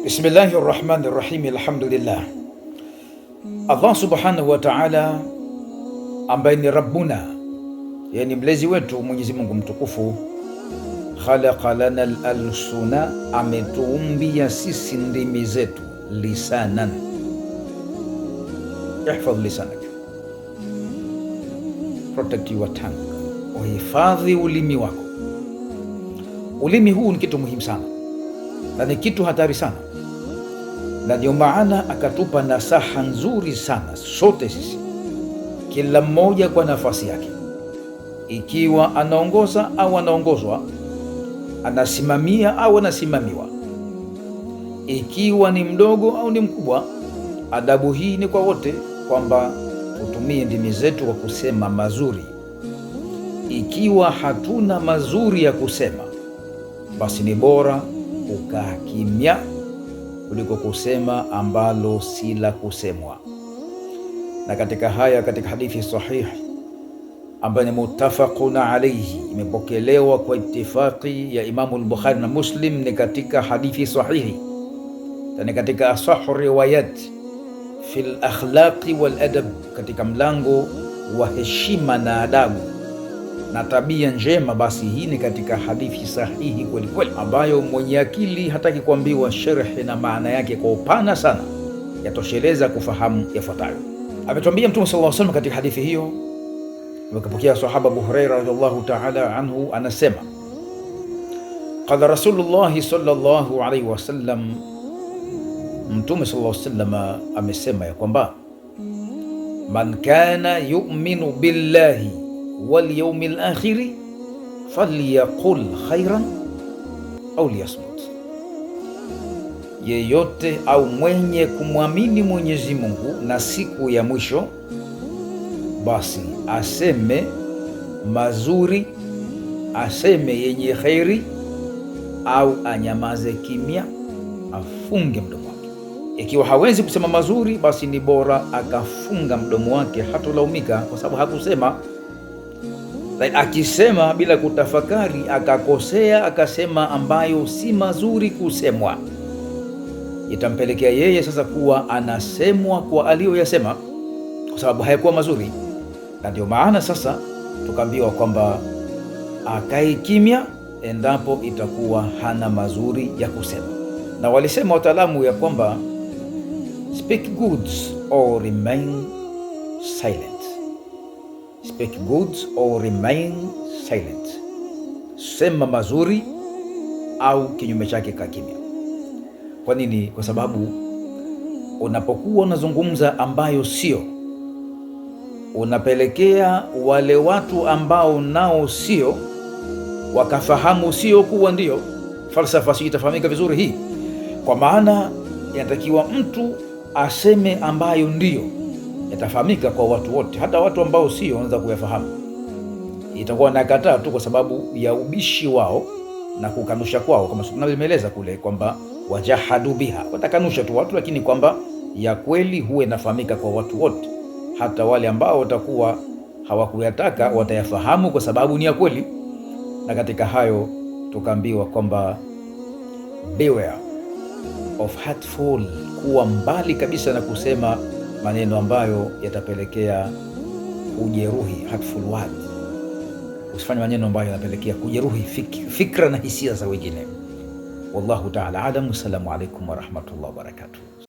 Bismillahi rahmani rahim, alhamdulillah. Allah subhanahu wa taala ambaye ni rabbuna, yani mlezi wetu Mwenyezi Mungu mtukufu, khalaqa lana al ametuumbia sisi ndimi zetu, lisanan, ihfadh lisanak, protect your tongue, uhifadhi ulimi wako. Ulimi huu ni kitu muhimu sana na ni kitu hatari sana na ndio maana akatupa nasaha nzuri sana sote sisi, kila mmoja kwa nafasi yake, ikiwa anaongoza au anaongozwa, anasimamia au anasimamiwa, ikiwa ni mdogo au ni mkubwa. Adabu hii ni kwa wote, kwamba tutumie ndimi zetu kwa kusema mazuri. Ikiwa hatuna mazuri ya kusema, basi ni bora kukaa kimya kuliko kusema ambalo si la kusemwa. Na katika haya, katika hadithi sahihi ambayo ni mutafaqun alayhi, imepokelewa kwa itifaqi ya Imamu al-Bukhari na Muslim, ni katika hadithi sahihi tani katika asahu riwayat fi akhlaqi wal adab, katika mlango wa heshima na adabu na tabia njema, basi hii ni katika hadithi sahihi kweli kweli, ambayo mwenye akili hataki kuambiwa sherhe na maana yake kwa upana sana, yatosheleza kufahamu yafuatayo. Ametuambia Mtume sallallahu alaihi wasallam katika hadithi hiyo, amekapokea sahaba Abu Huraira radhiallahu ta'ala anhu anasema qala Rasulullahi sallallahu alaihi wasallam, Mtume sallallahu alaihi wasallam amesema ya kwamba man kana yu'minu billahi wal yaumil akhiri falyaqul khairan au liyasmut, yeyote au mwenye kumwamini Mwenyezi Mungu na siku ya mwisho, basi aseme mazuri, aseme yenye kheri au anyamaze kimya, afunge mdomo wake. Ikiwa hawezi kusema mazuri, basi ni bora akafunga mdomo wake, hatolaumika kwa sababu hakusema akisema bila kutafakari, akakosea akasema ambayo si mazuri kusemwa, itampelekea yeye sasa kuwa anasemwa kwa aliyoyasema, kwa sababu hayakuwa mazuri. Na ndio maana sasa tukaambiwa kwamba akae kimya endapo itakuwa hana mazuri ya kusema. Na walisema wataalamu ya kwamba speak goods or remain silent it good or remain silent, sema mazuri au kinyume chake ka kimya. Kwa nini? Kwa sababu unapokuwa unazungumza ambayo sio, unapelekea wale watu ambao nao sio wakafahamu sio kuwa ndio. Falsafa si itafahamika vizuri hii? Kwa maana inatakiwa mtu aseme ambayo ndiyo yatafahamika kwa watu wote, hata watu ambao sio wanaweza kuyafahamu. Itakuwa nakataa tu kwa sababu ya ubishi wao na kukanusha kwao, kama tunavyoeleza kule kwamba wajahadu biha, watakanusha tu watu, lakini kwamba ya kweli huwe inafahamika kwa watu wote, hata wale ambao watakuwa hawakuyataka watayafahamu kwa sababu ni ya kweli. Na katika hayo tukaambiwa kwamba beware of hatful, kuwa mbali kabisa na kusema maneno ambayo yatapelekea ujeruhi hatful word. Usifanye maneno ambayo yanapelekea kujeruhi fik, fikra na hisia za wengine. Wallahu taala alam. Wassalamu alaikum warahmatullahi wabarakatuh.